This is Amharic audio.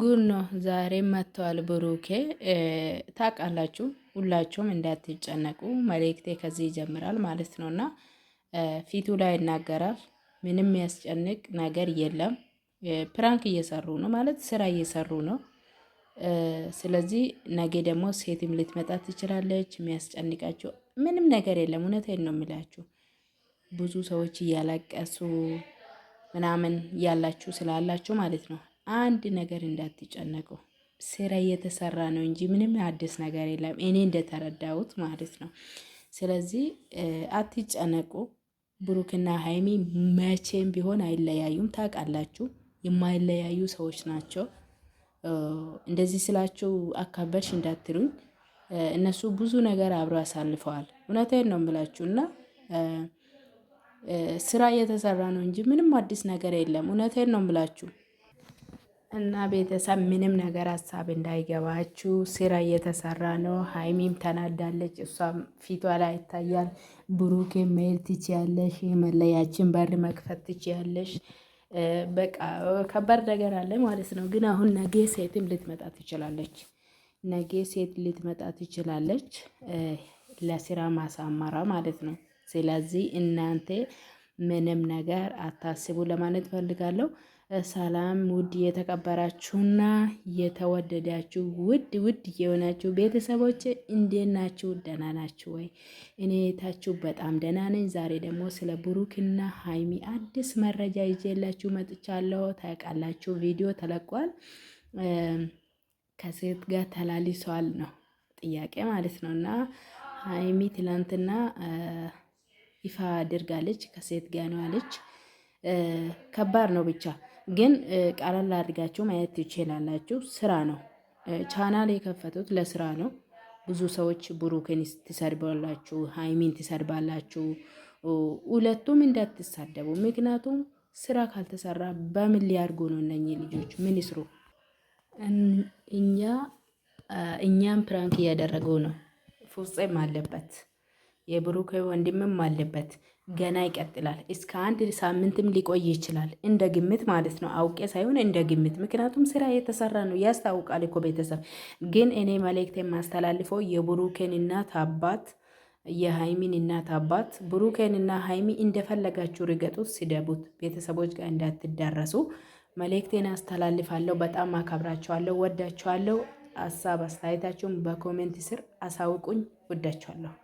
ጉድ ነው ዛሬ መጥተዋል። ብሩኬ ታውቃላችሁ፣ ሁላችሁም እንዳትጨነቁ መልእክቴ ከዚህ ይጀምራል ማለት ነው። እና ፊቱ ላይ ይናገራል። ምንም የሚያስጨንቅ ነገር የለም። ፕራንክ እየሰሩ ነው ማለት ስራ እየሰሩ ነው። ስለዚህ ነገ ደግሞ ሴትም ልትመጣ ትችላለች። የሚያስጨንቃቸው ምንም ነገር የለም። እውነቴን ነው የሚላችሁ ብዙ ሰዎች እያለቀሱ ምናምን ያላችሁ ስላላችሁ ማለት ነው አንድ ነገር እንዳትጨነቁ። ስራ እየተሰራ ነው እንጂ ምንም አዲስ ነገር የለም፣ እኔ እንደተረዳሁት ማለት ነው። ስለዚህ አትጨነቁ። ብሩክና ሀይሚ መቼም ቢሆን አይለያዩም። ታውቃላችሁ፣ የማይለያዩ ሰዎች ናቸው። እንደዚህ ስላችሁ አካበድሽ እንዳትሉኝ። እነሱ ብዙ ነገር አብረው አሳልፈዋል። እውነቴን ነው የምላችሁ እና ስራ እየተሰራ ነው እንጂ ምንም አዲስ ነገር የለም። እውነቴን ነው የምላችሁ። እና ቤተሰብ ምንም ነገር ሀሳብ እንዳይገባችሁ፣ ስራ እየተሰራ ነው። ሀይሚም ተናዳለች፣ እሷም ፊቷ ላይ ይታያል። ብሩኬ መሄድ ትችያለሽ፣ መለያችን በር መክፈት ትችያለሽ። በቃ ከባድ ነገር አለ ማለት ነው። ግን አሁን ነገ ሴትም ልትመጣ ትችላለች፣ ነገ ሴት ልትመጣ ትችላለች፣ ለስራ ማሳመራ ማለት ነው። ስለዚህ እናንተ ምንም ነገር አታስቡ ለማለት ፈልጋለሁ። ሰላም ውድ የተከበራችሁና የተወደዳችሁ ውድ ውድ የሆናችሁ ቤተሰቦች እንዴት ናችሁ? ደህና ናችሁ ወይ? እኔ የታችሁ በጣም ደህና ነኝ። ዛሬ ደግሞ ስለ ብሩክና ሀይሚ አዲስ መረጃ ይዤላችሁ መጥቻለሁ። ታውቃላችሁ ቪዲዮ ተለቋል። ከሴት ጋር ተላልሷል ነው ጥያቄ ማለት ነው እና ሀይሚ ትላንትና ይፋ አድርጋለች። ከሴት ጋር ነው አለች። ከባድ ነው ብቻ ግን ቀለል አድርጋችሁ ማየት ትችላላችሁ። ስራ ነው ቻናል የከፈቱት ለስራ ነው። ብዙ ሰዎች ብሩክን ትሰድባላችሁ፣ ሀይሚን ትሰድባላችሁ። ሁለቱም እንዳትሳደቡ። ምክንያቱም ስራ ካልተሰራ በምን ሊያርጉ ነው እነኚህ ልጆች? ምን ይስሩ? እኛ እኛም ፕራንክ እያደረገው ነው። ፍጹም አለበት የብሩክ ወንድምም አለበት። ገና ይቀጥላል። እስከ አንድ ሳምንትም ሊቆይ ይችላል። እንደ ግምት ማለት ነው፣ አውቄ ሳይሆን እንደ ግምት። ምክንያቱም ስራ የተሰራ ነው ያስታውቃል እኮ ቤተሰብ። ግን እኔ መልእክት የማስተላልፈው የብሩኬን እናት አባት፣ የሃይሚን እናት አባት፣ ብሩኬንና ሀይሚ እንደፈለጋችሁ ርገጡት፣ ስደቡት፣ ቤተሰቦች ጋር እንዳትዳረሱ መልእክቴን አስተላልፋለሁ። በጣም አከብራችኋለሁ፣ ወዳችኋለሁ። ሀሳብ አስተያየታችሁን በኮሜንት ስር አሳውቁኝ። ወዳችኋለሁ።